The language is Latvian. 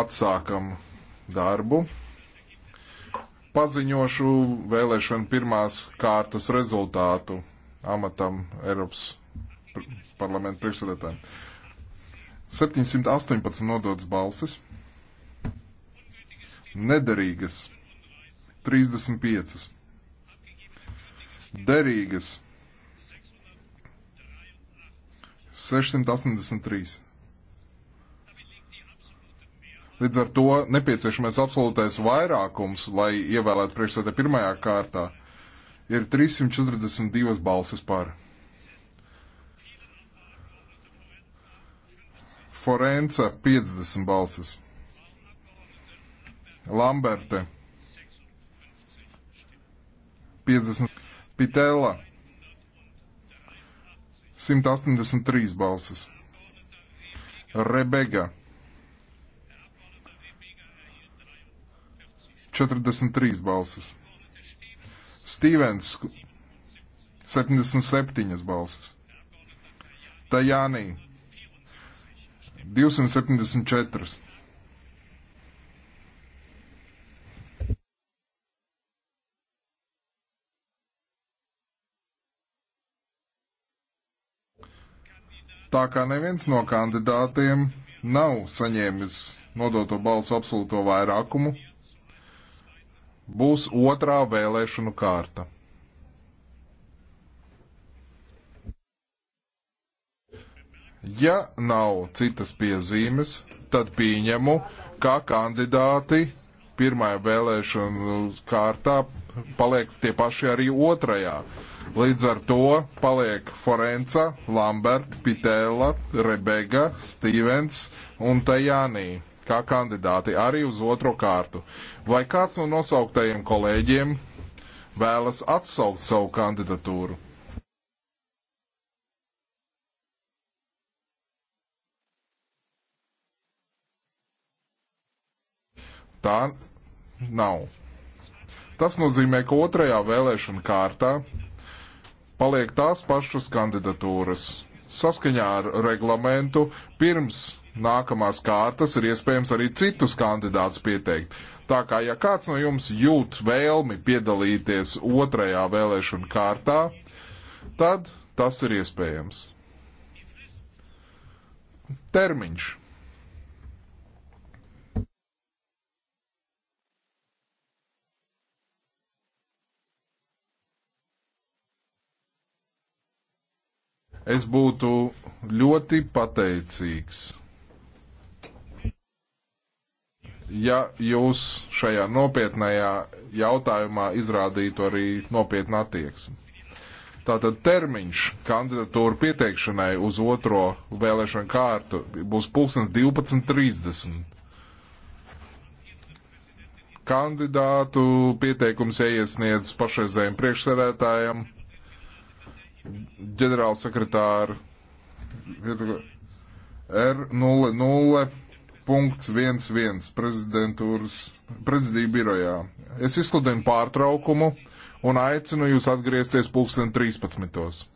Atsākam darbu. Paziņošu vēlēšanu pirmās kārtas rezultātu amatam Eiropas parlamenta priekšsēdētājiem. 718 nodotas balsis, nederīgas 35, derīgas 683. Līdz ar to nepieciešamais absolūtais vairākums, lai ievēlētu priekšsēdē pirmajā kārtā, ir 342 balsis par. Forence 50 balsis. Lamberte 50. Pitela 183 balsis. Rebega 43 balsis. Stīvens 77 balsis. Tajānī 274. Tā kā neviens no kandidātiem nav saņēmis nodoto balsu absolūto vairākumu, būs otrā vēlēšanu kārta. Ja nav citas piezīmes, tad pieņemu, ka kandidāti pirmajā vēlēšanu kārtā paliek tie paši arī otrajā. Līdz ar to paliek Forenca, Lambert, Pitēla, Rebega, Stevens un Tajānī kā kandidāti arī uz otro kārtu. Vai kāds no nosauktajiem kolēģiem vēlas atsaukt savu kandidatūru? Tā nav. Tas nozīmē, ka otrajā vēlēšana kārtā paliek tās pašas kandidatūras. Saskaņā ar reglamentu pirms nākamās kārtas ir iespējams arī citus kandidātus pieteikt. Tā kā, ja kāds no jums jūt vēlmi piedalīties otrajā vēlēšana kārtā, tad tas ir iespējams. Termiņš es būtu ļoti pateicīgs, ja jūs šajā nopietnējā jautājumā izrādītu arī nopietnu attieksmi. Tātad termiņš kandidatūru pieteikšanai uz otro vēlēšanu kārtu būs 12.30. Kandidātu pieteikums jāiesniedz pašreizējiem priekšsēdētājiem ģenerāla sekretāra R00.11 prezidentūras prezidiju birojā. Es izsludinu pārtraukumu un aicinu jūs atgriezties pulksten 13.